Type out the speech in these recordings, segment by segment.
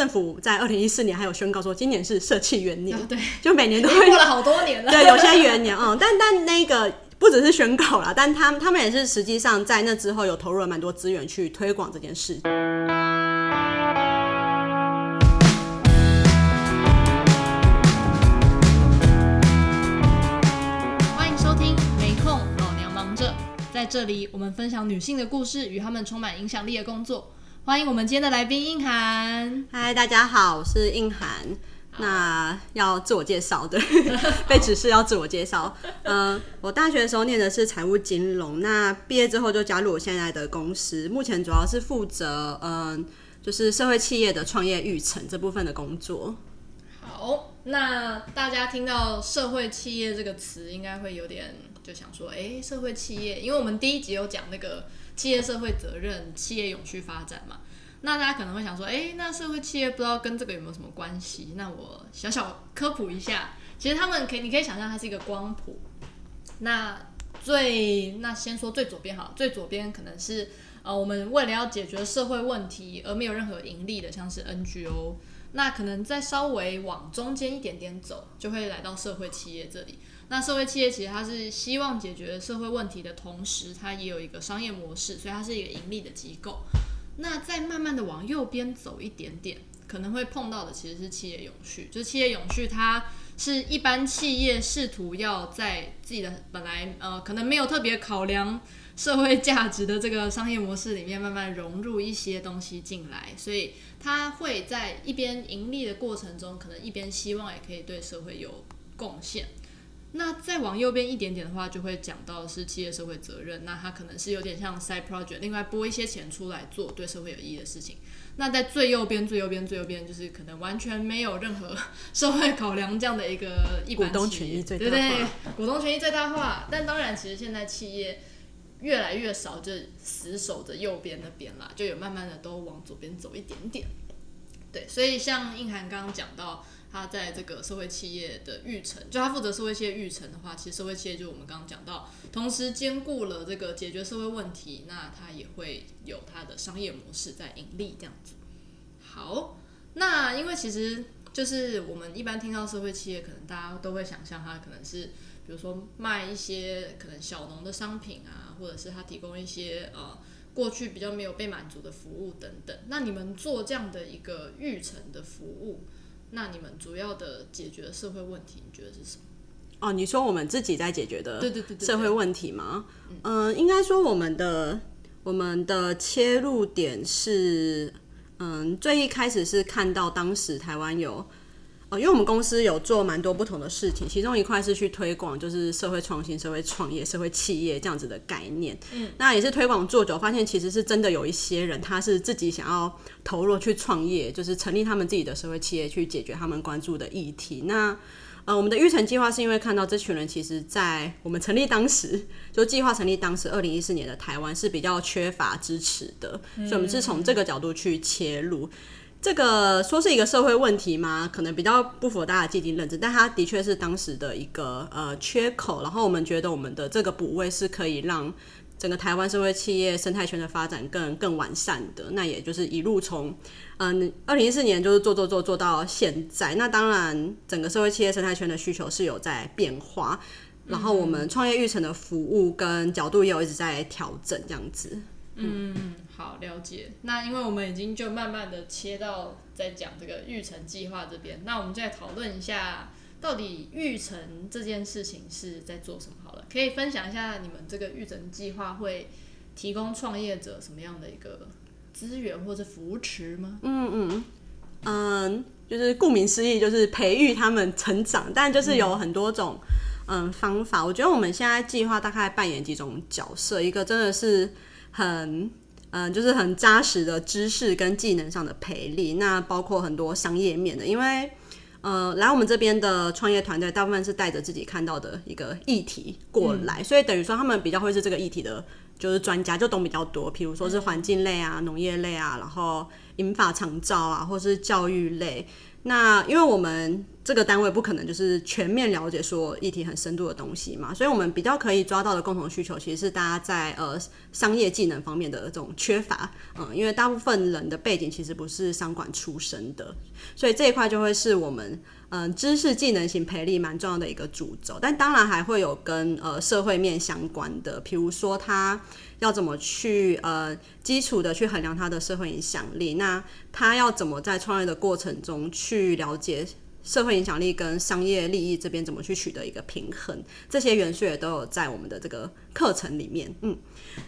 政府在二零一四年還有宣告說，今年是社企元年，啊，就每年都會，過了好多年了。對，有些元年，嗯， 但但那個不只是宣告啦。但他們他們也是實際上在那之後有投入了蠻多資源去推廣這件事。歡迎收聽《沒空，老娘忙着》，在這裡，我們分享女性的故事與她們充滿影響力的工作。歡迎我們今天的來賓 Ying-Han。嗨，大家好，我是 Ying-Han。那要自我介紹的，對 被指示要自我介紹。嗯、呃，我大學的時候念的是財務金融，那畢業之後就加入我現在的公司，目前主要是負責嗯、呃，就是社會企業的創業育成這部分的工作。好，那大家聽到社會企業這個詞，應該會有點就想說，哎，社會企業，因為我們第一集有講那個。企業社會責任，企業永續發展嘛。那大家可能會想說，欸，那社會企業不知道跟這個有沒有什麼關係？那我小小科普一下，其實他們可以，你可以想象它是一個光譜。那最，那先說最左邊哈，最左邊可能是呃，我們為了要解決社會問題而沒有任何盈利的，像是 NGO。那可能再稍微往中間一點點走，就會來到社會企業這裡。那社會企業其實它是希望解決社會問題的同時，它也有一個商業模式，所以它是一個盈利的機構。那再慢慢的往右邊走一點點，可能會碰到的其實是企業永續。就企業永續，它是一般企業試圖要在自己的本來呃，可能沒有特別考量社會價值的這個商業模式裡面，慢慢融入一些東西進來，所以它會在一邊盈利的過程中，可能一邊希望也可以對社會有貢獻。那再往右邊一點點的話，就會講到的是企業社會責任，那它可能是有點像 side project，另外撥一些錢出來做對社會有益的事情。那在最右邊、最右邊、最右邊，就是可能完全沒有任何社會考量這樣的一個一般企業，股東權益最大化。對對，股東權益最大化。但當然，其實現在企業越來越少，就死守着右邊那邊啦，就有慢慢的都往左邊走一點點。對，所以像印涵剛剛講到，他在這個社會企業的育成，就他負責社會企業育成的話，其實社會企業就是我們剛剛講到，同時兼顧了這個解決社會問題，那他也會有他的商業模式在盈利這樣子。好，那因為其實就是我們一般聽到社會企業，可能大家都會想象他可能是，比如說賣一些可能小農的商品啊，或者是他提供一些呃。過去比較沒有被滿足的服務等等，那你們做這樣的一個育成的服務，那你們主要的解決的社會問題，你覺得是什麼？哦，你說我們自己在解決的對對對，社會問題嗎？對對對對對。嗯，呃、應該說我們的我們的切入點是，嗯、呃，最一開始是看到當時台灣有。因為我們公司有做蠻多不同的事情，其中一塊是去推廣，就是社會創新、社會創業、社會企業這樣子的概念。嗯，那也是推廣做久，發現其實是真的有一些人，他是自己想要投入去創業，就是成立他們自己的社會企業，去解決他們關注的議題。那呃，我們的育成計劃是因為看到這群人，其實在我們成立當時，就計劃成立當時，二零一四年的台灣是比較缺乏支持的，嗯，所以我們是從這個角度去切入。這個說是一個社會問題嗎？可能比較不符合大家既定認知，但它的確是當時的一個呃缺口。然後我們覺得我們的這個補位是可以讓整個台灣社會企業生態圈的發展更更完善的。那也就是一路從嗯二零一四年，就是做做做做到現在。那當然整個社會企業生態圈的需求是有在變化，然後我們創業育成的服務跟角度也有一直在調整這樣子。嗯，好，了解。那因為我們已經就慢慢的切到在講這個育成計劃這邊，那我們再討論一下，到底育成這件事情是在做什麼好了。可以分享一下你們這個育成計劃會提供創業者什麼樣的一個資源或者扶持嗎？嗯嗯嗯，就是顧名思義，就是培育他們成長，但就是有很多種嗯，嗯方法。我覺得我們現在計劃大概扮演幾種角色，一個真的是。很，嗯，就是很扎實的知識跟技能上的培力，那包括很多商業面的，因為，呃，來我們這邊的創業團隊大部分是帶着自己看到的一個議題過來，嗯、所以等於說他們比較會是這個議題的，就是專家就懂比較多，譬如說是環境類啊、農業類啊，然後銀髮長照啊，或是教育類，那因為我們。這個單位不可能就是全面了解說議題很深度的東西嘛，所以我們比較可以抓到的共同需求，其實是大家在呃商業技能方面的這種缺乏，嗯，因為大部分人的背景其實不是商管出身的，所以這一塊就會是我們嗯、呃、知識技能型培力蠻重要的一個主軸，但當然還會有跟呃社會面相關的，譬如說他要怎麼去呃基礎的去衡量他的社會影響力，那他要怎麼在創業的過程中去了解。社會影響力跟商業利益，這邊怎麼去取得一個平衡？這些元素也都有在我們的這個課程裡面。嗯，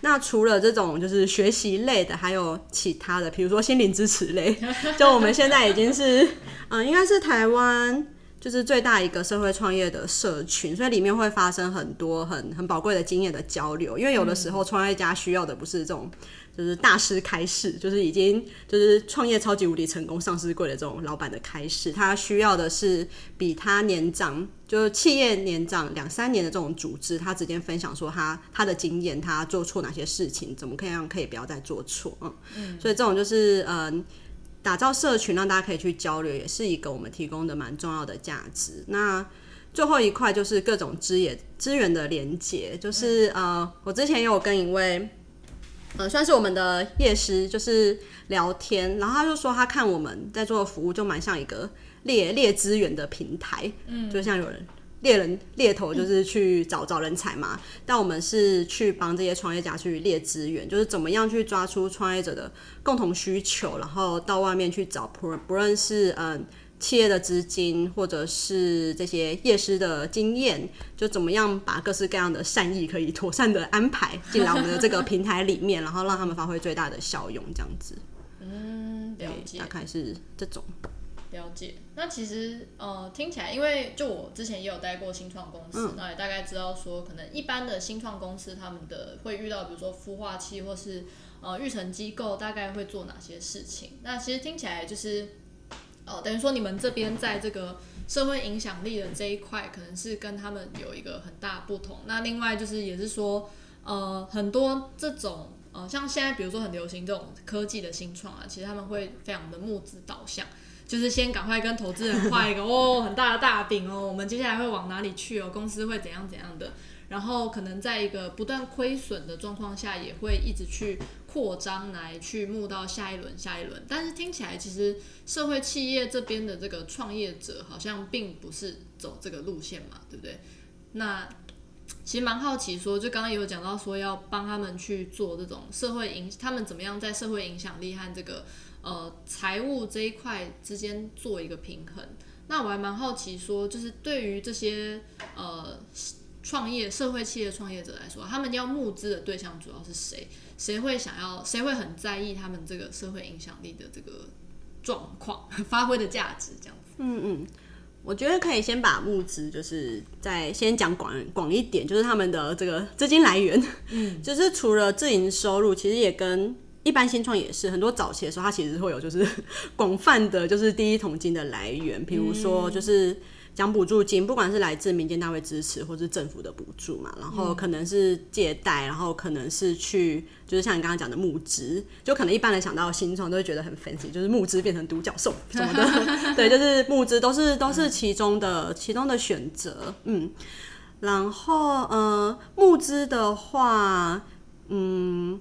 那除了這種就是學習類的，還有其他的，比如說心靈支持類。就我們現在已經是， 嗯，應該是台灣就是最大一個社會創業的社群，所以裡面會發生很多很很寶貴的經驗的交流。因為有的時候，創業家需要的不是這種。就是大師開示，就是已經就是創業超級無敵成功上市櫃的這種老板的開示。他需要的是比他年長，就是企業年長兩三年的這種組織，他直接分享說他他的經驗，他做錯哪些事情，怎麼可以讓可以不要再做錯，嗯、嗯，所以這種就是呃打造社群讓大家可以去交流，也是一個我們提供的蠻重要的價值。那最後一塊就是各種資源資源的連接，就是呃我之前有跟一位。呃、嗯，算是我們的業師，就是聊天，然後他就說他看我們在做的服務，就蠻像一個獵獵資源的平台，嗯，就像有人獵人獵頭，就是去找找人才嘛、嗯，但我們是去幫這些創業家去獵資源，就是怎麼樣去抓出創業者的共同需求，然後到外面去找，不論是嗯。企業的資金，或者是這些業師的經驗，就怎麼樣把各式各樣的善意可以妥善的安排進來我們的這個平台裡面， 然後讓他們發揮最大的效用，這樣子。嗯，了解，大概是這種。了解。那其實，呃，聽起來，因為就我之前也有待過新創公司，那、嗯、也大概知道說，可能一般的新創公司他們的會遇到，比如說孵化器或是呃育成機構，大概會做哪些事情。那其實聽起來就是。哦、呃，等於說你們這邊在這個社會影響力的這一塊，可能是跟他們有一個很大不同。那另外就是，也是說，呃，很多這種呃，像現在比如說很流行這種科技的新創啊，其實他們會非常的募資導向，就是先趕快跟投資人畫一個 哦很大的大餅哦，我們接下來會往哪裡去哦，公司會怎樣怎樣的，然後可能在一個不斷虧損的狀況下，也會一直去。擴張來去募到下一輪，下一輪，但是聽起來其實社會企業這邊的這個創業者好像並不是走這個路線嘛，對不對？那其實蠻好奇說，就剛剛也有講到說要幫他們去做這種社會影，他們怎麼樣在社會影響力和這個呃財務這一塊之間做一個平衡？那我還蠻好奇說，就是對於這些呃。創業社會企業創業者來說，他們要募資的對象主要是誰？誰會想要？誰會很在意他們這個社會影響力的這個狀況、發揮的價值這樣子？嗯嗯，我覺得可以先把募資，就是再先講廣廣一點，就是他們的這個資金來源。嗯，就是除了自營收入，其實也跟一般新創也是很多早期的時候，它其實會有就是廣泛的，就是第一桶金的來源，嗯、譬如說就是。講補助金，不管是來自民間單位支持，或是政府的補助嘛，然後可能是借貸，然後可能是去，就是像你剛剛講的募資，就可能一般人想到新創都會覺得很 fancy，就是募資變成獨角獸什麼的， 對，就是募資都是都是其中的、嗯、其中的選擇，嗯，然後呃，募資的話，嗯。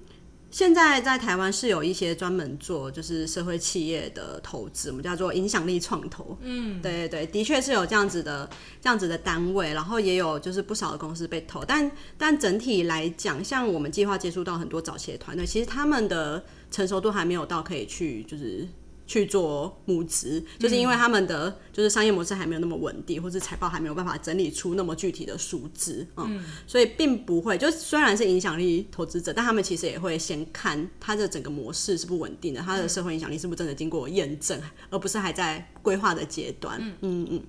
現在在台灣是有一些專門做就是社會企業的投資，我們叫做影響力創投。嗯，對對對，的確是有這樣子的這樣子的單位，然後也有就是不少的公司被投，但但整體來講，像我們計劃接觸到很多早期的團隊，其實他們的成熟度還沒有到可以去就是。去做募資，就是因為他們的就是商業模式還沒有那麼穩定，或是財報還沒有辦法整理出那麼具體的數字。嗯，嗯，所以並不會就雖然是影響力投資者，但他們其實也會先看他的整個模式是不穩定的，他的社會影響力是不是真的經過驗證，而不是還在規劃的階段，嗯嗯嗯。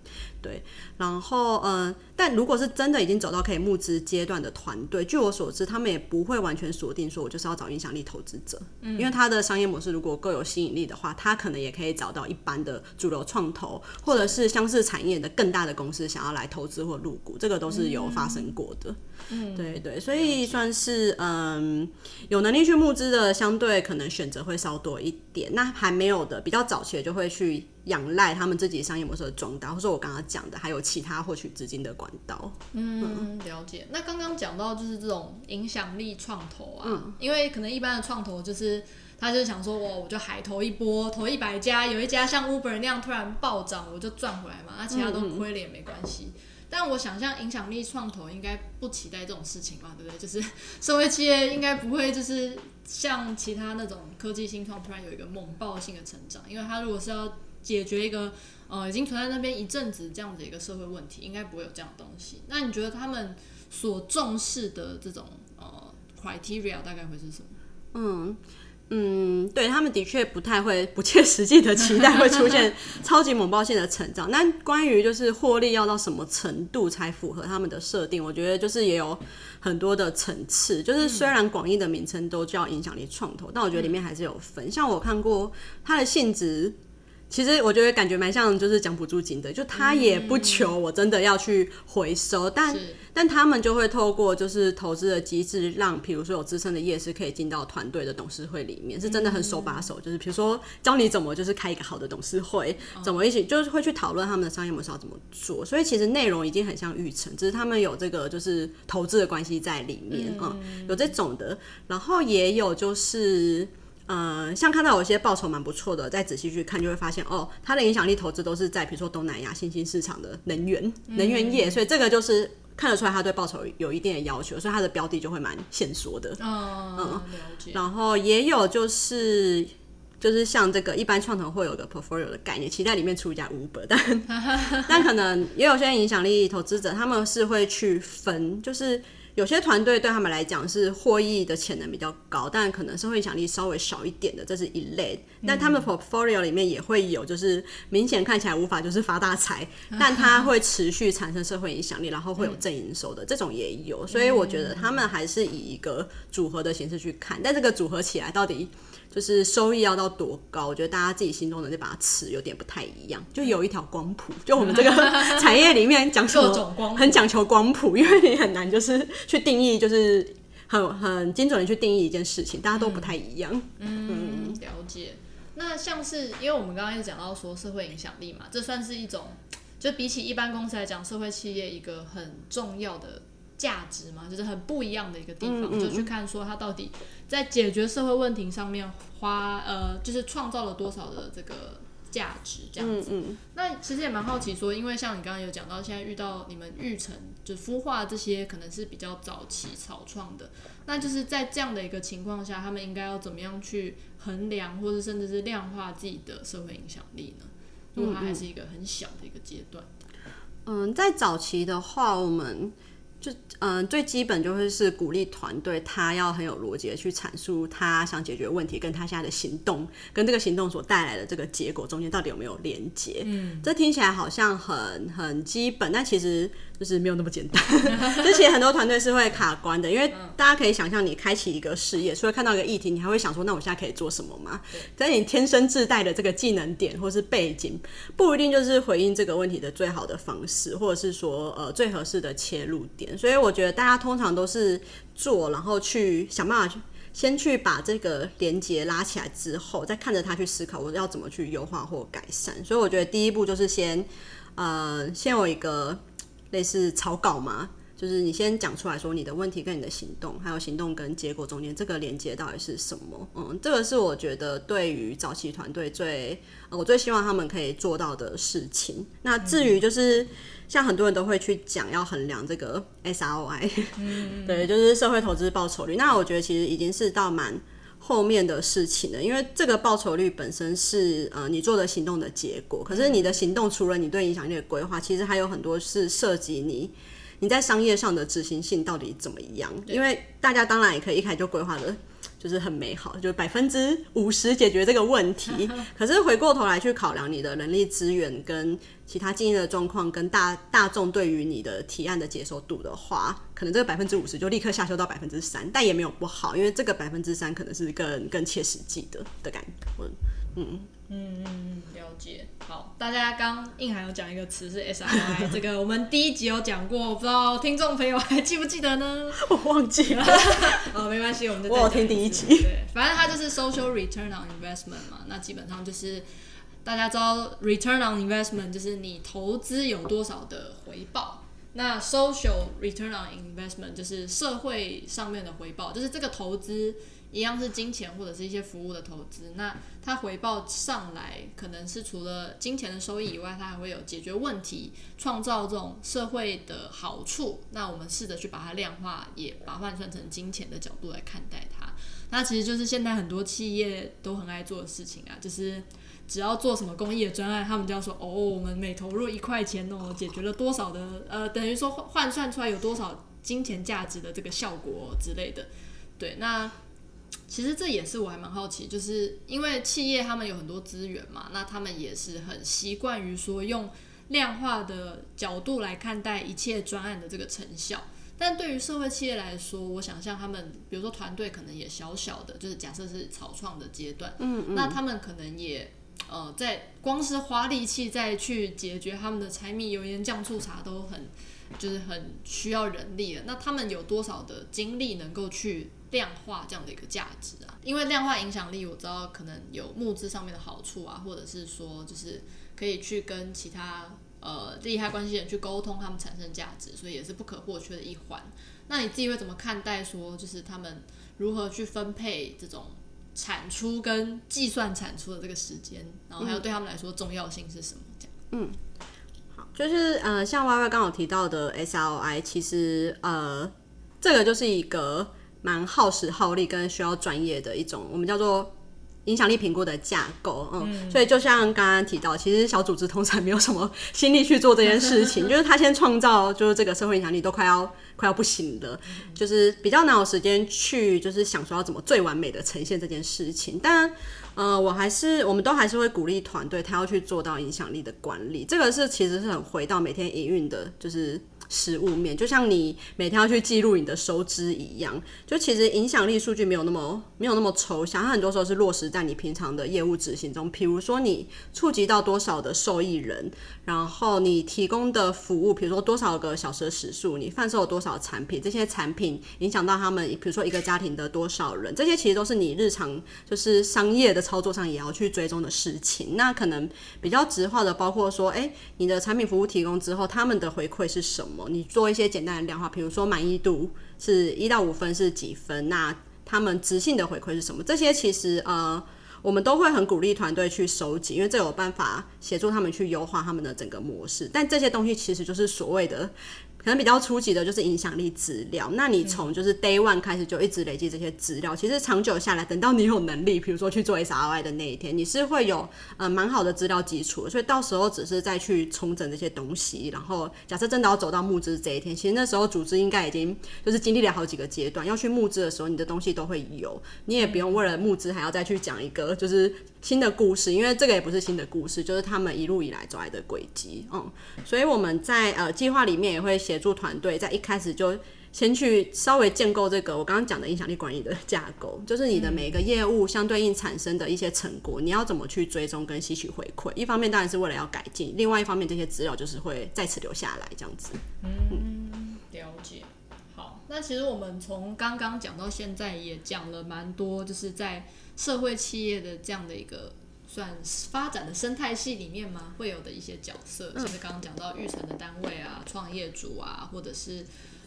對，然後嗯，但如果是真的已經走到可以募資階段的團隊，據我所知，他們也不會完全鎖定說，我就是要找影響力投資者，嗯，因為他的商業模式如果夠有吸引力的話，他可能也可以找到一般的主流創投或者是相似產業的更大的公司想要來投資或入股，這個都是有發生過的，嗯，對，對對，所以算是嗯，有能力去募資的相對可能選擇會稍多一點，那還沒有的比較早期的就會去。仰賴他們自己商業模式的壯大，或者我剛剛講的，還有其他獲取資金的管道。嗯，了解。那剛剛講到就是這種影響力創投啊、嗯，因為可能一般的創投就是他就是想說，我、哦、我就海投一波，投一百家，有一家像 Uber 那樣突然暴漲，我就賺回來嘛，那、啊、其他都虧了也沒關係、嗯。但我想象影響力創投應該不期待這種事情嘛，對不對？就是社會企業應該不會就是像其他那種科技新創突然有一個猛爆性的成長，因為他如果是要解決一個呃已經存在那邊一陣子這樣子一個社會問題，應該不會有這樣的東西。那你覺得他們所重視的這種呃 criteria 大概會是什麼？嗯嗯，對，他們的確不太會不切實際的期待會出現超級猛爆性的成長。那 關於就是獲利要到什麼程度才符合他們的設定，我覺得就是也有很多的層次。就是雖然廣義的名稱都叫影響力創投，但我覺得裡面還是有分。嗯、像我看過它的性質。其實我覺得感覺蠻像，就是講補助金的，就他也不求我真的要去回收，嗯、但但他們就會透過就是投資的機制，讓比如說有資深的業師可以進到團隊的董事會裡面，是真的很手把手，嗯、就是比如說教你怎麼就是開一個好的董事會，嗯、怎麼一起就是會去討論他們的商業模式要怎麼做，所以其實內容已經很像育成，只、就是他們有這個就是投資的關係在裡面嗯，嗯，有這種的，然後也有就是。嗯，像看到有些報酬蠻不錯的，再仔細去看就會發現哦，他的影響力投資都是在比如說東南亞新興市場的能源、能源業，嗯、所以這個就是看得出來他對報酬有一定的要求，所以他的標的就會蠻限縮的。嗯，嗯，了解。然後也有就是就是像這個一般創投會有個 portfolio 的概念，期待裡面出一家 Uber，但 但可能也有些影響力投資者，他們是會去分，就是。有些團隊對他們來講是獲益的潛能比較高，但可能社會影響力稍微少一點的，這是一類。但他們的 portfolio 裡面也會有，就是明顯看起來無法就是發大財，但它會持續產生社會影響力，然後會有正營收的、嗯、這種也有。所以我覺得他們還是以一個組合的形式去看，但這個組合起來到底。就是收益要到多高？我覺得大家自己心中的那把尺有點不太一樣。就有一條光譜，就我們這個產業裡面講求光譜， 很講求光譜，因為你很難就是去定義，就是很很精準的去定義一件事情，大家都不太一樣。嗯，嗯嗯了解。那像是因為我們剛剛一直講到說社會影響力嘛，這算是一種，就比起一般公司來講，社會企業一個很重要的。價值嘛，就是很不一樣的一個地方，嗯嗯就去看說它到底在解決社會問題上面花呃，就是創造了多少的這個價值這樣子。嗯嗯那其實也蠻好奇說，因為像你剛剛有講到，現在遇到你們育成就孵化這些可能是比較早期草創的，那就是在這樣的一個情況下，他們應該要怎麼樣去衡量或者甚至是量化自己的社會影響力呢？如果它還是一個很小的一個階段，嗯，在早期的話，我們。就嗯，最基本就是鼓勵團隊，他要很有邏輯的去闡述他想解決問題，跟他現在的行動，跟這個行動所帶來的這個結果中間到底有沒有連接。嗯，這聽起來好像很很基本，但其實就是沒有那麼簡單。 這其實很多團隊是會卡關的，因為大家可以想象，你開啟一個事業，所以看到一個議題，你還會想說，那我現在可以做什麼嗎？在你天生自帶的這個技能點或是背景，不一定就是回應這個問題的最好的方式，或者是說呃最合適的切入點。所以我覺得大家通常都是做，然後去想辦法去先去把這個連接拉起來之後，再看着他去思考我要怎麼去優化或改善。所以我覺得第一步就是先，呃，先有一個類似草稿嘛。就是你先講出來說你的問題跟你的行動，還有行動跟結果中間這個連接到底是什麼？嗯，這個是我覺得對於早期團隊最、呃、我最希望他們可以做到的事情。那至於就是像很多人都會去講要衡量這個 SROI，、嗯、 對，就是社會投資報酬率。那我覺得其實已經是到蠻後面的事情了，因為這個報酬率本身是呃你做的行動的結果，可是你的行動除了你對影響力的規劃，其實還有很多是涉及你。你在商業上的執行性到底怎麼樣？因為大家當然也可以一開始就規劃的，就是很美好，就是百分之五十解決這個問題。可是回過頭來去考量你的人力資源跟其他經營的狀況，跟大大眾對於你的提案的接受度的話，可能這個百分之五十就立刻下修到百分之三，但也沒有不好，因為這個百分之三可能是更更切實際的的感覺，嗯。嗯嗯嗯，了解。好，大家剛剛 Ying-Han 有講一個詞是 SROI。 這個我們第一集有講過，我不知道聽眾朋友還記不記得呢？我忘記了。好， 沒關係，我們就再講一次，我有聽第一集。對，反正它就是 social return on investment 嘛， 那基本上就是大家知道 return on investment 就是你投資有多少的回報，那 social return on investment 就是社會上面的回報，就是這個投資。一樣是金錢或者是一些服務的投資，那它回報上來可能是除了金錢的收益以外，它還會有解決問題、創造這種社會的好處。那我們試着去把它量化，也把它換算成金錢的角度來看待它。那其實就是現在很多企業都很愛做的事情啊，就是只要做什麼公益的專案，他們就要說哦，我們每投入一塊錢哦，我們解決了多少的呃，等於說換算出來有多少金錢價值的這個效果之類的。對，那。其實這也是我還蠻好奇，就是因為企業他們有很多資源嘛，那他們也是很習慣於說用量化的角度來看待一切專案的這個成效。但對於社會企業來說，我想象他們，比如說團隊可能也小小的，就是假設是草創的階段，嗯、嗯，那他們可能也呃，在光是花力氣再去解決他們的柴米油鹽醬醋茶都很，就是很需要人力的。那他們有多少的精力能夠去？量化這樣的一個價值啊，因為量化影響力，我知道可能有募資上面的好處啊，或者是說就是可以去跟其他呃利害關係人去溝通，他們產生價值，所以也是不可或缺的一環。那你自己會怎麼看待說，就是他們如何去分配這種產出跟計算產出的這個時間，然後還有對他們來說重要性是什麼？嗯、這樣，嗯，好，就是呃，像 Y Y 剛好提到的 S L I，其實呃，這個就是一個。蠻耗時耗力，跟需要專業的一種，我們叫做影響力評估的架構，嗯、嗯，所以就像剛剛提到，其實小組織通常沒有什麼心力去做這件事情，就是他先創造，就是這個社會影響力都快要快要不行了，就是比較難有時間去，就是想說要怎麼最完美的呈現這件事情。但，呃，我還是，我們都還是會鼓勵團隊他要去做到影響力的管理，這個是其實是很回到每天營運的，就是。實務面就像你每天要去記錄你的收支一樣，就其實影響力數據沒有那麼沒有那麼抽象，它很多時候是落實在你平常的業務執行中。比如說你觸及到多少的受益人，然後你提供的服務，比如說多少個小時的時數，你販售了多少產品，這些產品影響到他們，比如說一個家庭的多少人，這些其實都是你日常就是商業的操作上也要去追蹤的事情。那可能比較直化的，包括說，哎、欸，你的產品服務提供之後，他們的回饋是什麼？你做一些簡單的量化，比如說滿意度是一到五分是幾分，那他們質性的回饋是什麼？這些其實呃，我們都會很鼓勵團隊去收集，因為這有辦法協助他們去優化他們的整個模式。但這些東西其實就是所謂的。可能比較初級的就是影響力資料。那你從就是 day one 開始就一直累積這些資料，其實長久下來，等到你有能力，比如說去做 S R I 的那一天，你是會有呃蠻好的資料基礎。所以到時候只是再去重整這些東西。然後假設真的要走到募資這一天，其實那時候組織應該已經就是經歷了好幾個階段。要去募資的時候，你的東西都會有，你也不用為了募資還要再去講一個就是新的故事，因為這個也不是新的故事，就是他們一路以來走來的軌跡。嗯，所以我們在呃計劃裡面也會寫，協助團隊在一開始就先去稍微建構這個我剛剛講的影響力管理的架構，就是你的每一個業務相對應產生的一些成果，嗯、你要怎麼去追蹤跟吸取回饋？一方面當然是為了要改進，另外一方面這些資料就是會再次留下來這樣子嗯。嗯，了解。好，那其實我們從剛剛講到現在也講了蠻多，就是在社會企業的這樣的一個。算發展的生態系裡面嗎？會有的一些角色，就是剛剛講到育成的單位啊、創、嗯、業主啊，或者是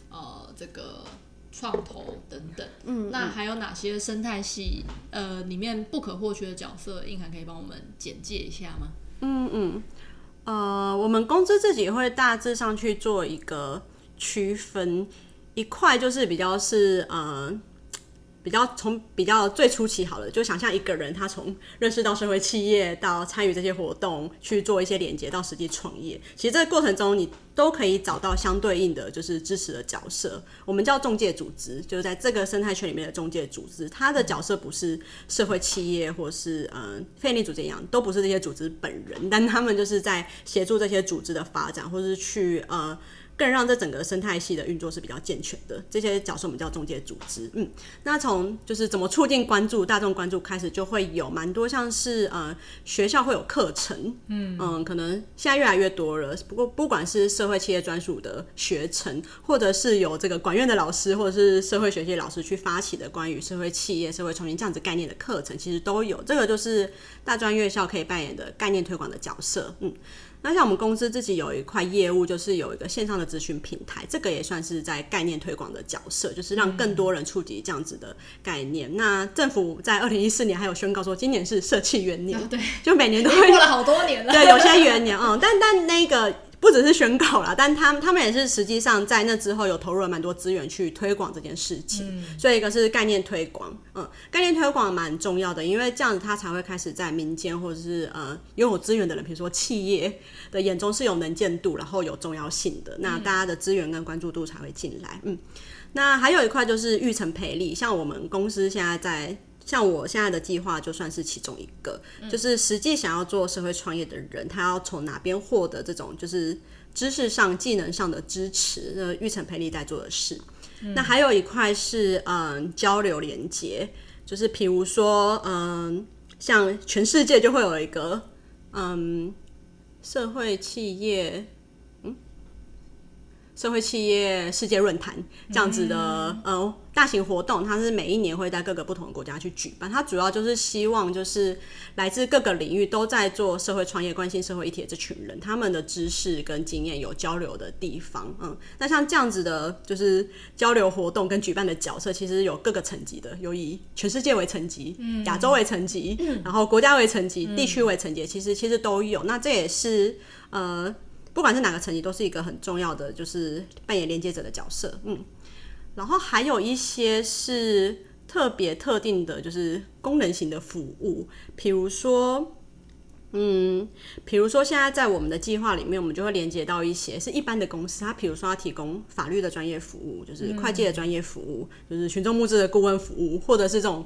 呃這個創投等等。嗯，那還有哪些生態系呃裡面不可或缺的角色？硬涵可以幫我們簡介一下嗎？嗯嗯，呃，我們公司自己會大致上去做一個區分，一塊就是比較是呃。比較從比較最初期好了，就想象一個人，他從認識到社會企業，到參與這些活動，去做一些連接，到實際創業。其實這個過程中，你都可以找到相對應的，就是支持的角色。我們叫中介組織，就是在這個生態圈裡面的中介組織，它的角色不是社會企業，或是嗯非營利組織一樣，都不是這些組織本人，但他們就是在協助這些組織的發展，或是去呃。更讓這整個生態系的運作是比較健全的，這些角色我們叫中介組織。嗯，那從就是怎麼促進關注大眾關注開始，就會有蠻多像是呃學校會有課程，嗯嗯、呃，可能現在越來越多了。不過不，不管是社會企業專屬的學程，或者是有這個管院的老師或者是社會學系老師去發起的關於社會企業、社會創新這樣子概念的課程，其實都有。這個就是大專院校可以扮演的概念推廣的角色。嗯。那像我們公司自己有一塊業務，就是有一個線上的諮詢平台，這個也算是在概念推廣的角色，就是讓更多人觸及這樣子的概念。嗯、那政府在二零一四年還有宣告說，今年是社企元年、啊對，就每年都會過了好多年了。對，有些元年， 嗯，但但那個。不只是宣告啦，但他他們也是實際上在那之後有投入了蠻多資源去推廣這件事情，嗯，所以一個是概念推廣，嗯，概念推廣蠻重要的，因為這樣子他才會開始在民間或者是呃擁有資源的人，比如說企業的眼中是有能見度，然後有重要性的，嗯，那大家的資源跟關注度才會進來，嗯，那還有一塊就是育成培力，像我們公司現在在。像我現在的計劃，就算是其中一個，嗯、就是實際想要做社會創業的人，他要從哪邊獲得這種就是知識上、技能上的支持，那育成培力在做的事、嗯，那還有一塊是嗯，交流連接，就是比如說嗯，像全世界就會有一個嗯，社會企業。社會企業世界論壇這樣子的呃大型活動，它是每一年會在各個不同的國家去舉辦。它主要就是希望就是來自各個領域都在做社會創業、關心社會議題的這群人，他們的知識跟經驗有交流的地方。嗯，那像這樣子的，就是交流活動跟舉辦的角色，其實有各個層級的，有以全世界為層級，亞洲為層級，然後國家為層級，地區為層級，其實其實都有。那這也是呃。不管是哪個層級，都是一個很重要的，就是扮演連接者的角色。嗯，然後還有一些是特別特定的，就是功能型的服務，比如說，嗯，比如說現在在我們的計劃裡面，我們就會連接到一些是一般的公司，他比如說他提供法律的專業服務，就是會計的專業服務，嗯、就是群眾募資的顧問服務，或者是這種。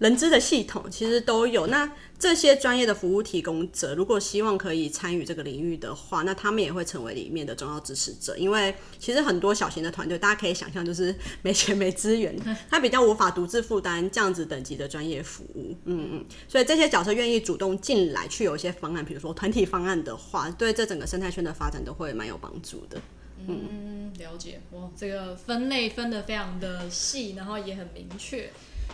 人資的系統其實都有。那這些專業的服務提供者，如果希望可以參與這個領域的話，那他們也會成為裡面的重要支持者。因為其實很多小型的團隊，大家可以想象，就是沒錢沒資源，他比較無法獨自負擔這樣子等級的專業服務。嗯 嗯，所以這些角色願意主動進來去有一些方案，比如說團體方案的話，對這整個生態圈的發展都會蠻有幫助的嗯。嗯，了解。哇，這個分類分得非常的細，然後也很明確。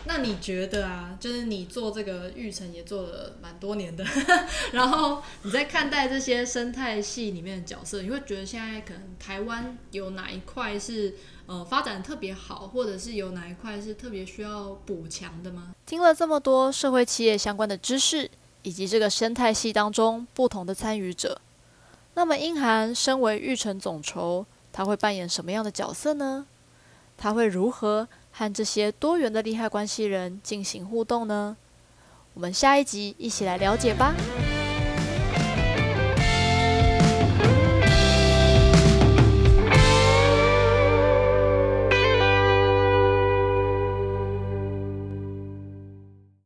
那你覺得啊，就是你做這個育成也做了蠻多年的呵呵，然後你在看待這些生態系裡面的角色，你會覺得現在可能台灣有哪一塊是呃發展特別好，或者是有哪一塊是特別需要補強的嗎？聽了這麼多社會企業相關的知識，以及這個生態系當中不同的參與者，那麼英涵身為育成總籌，他會扮演什麼樣的角色呢？他會如何？和這些多元的利害關係人進行互動呢？我們下一集一起來了解吧。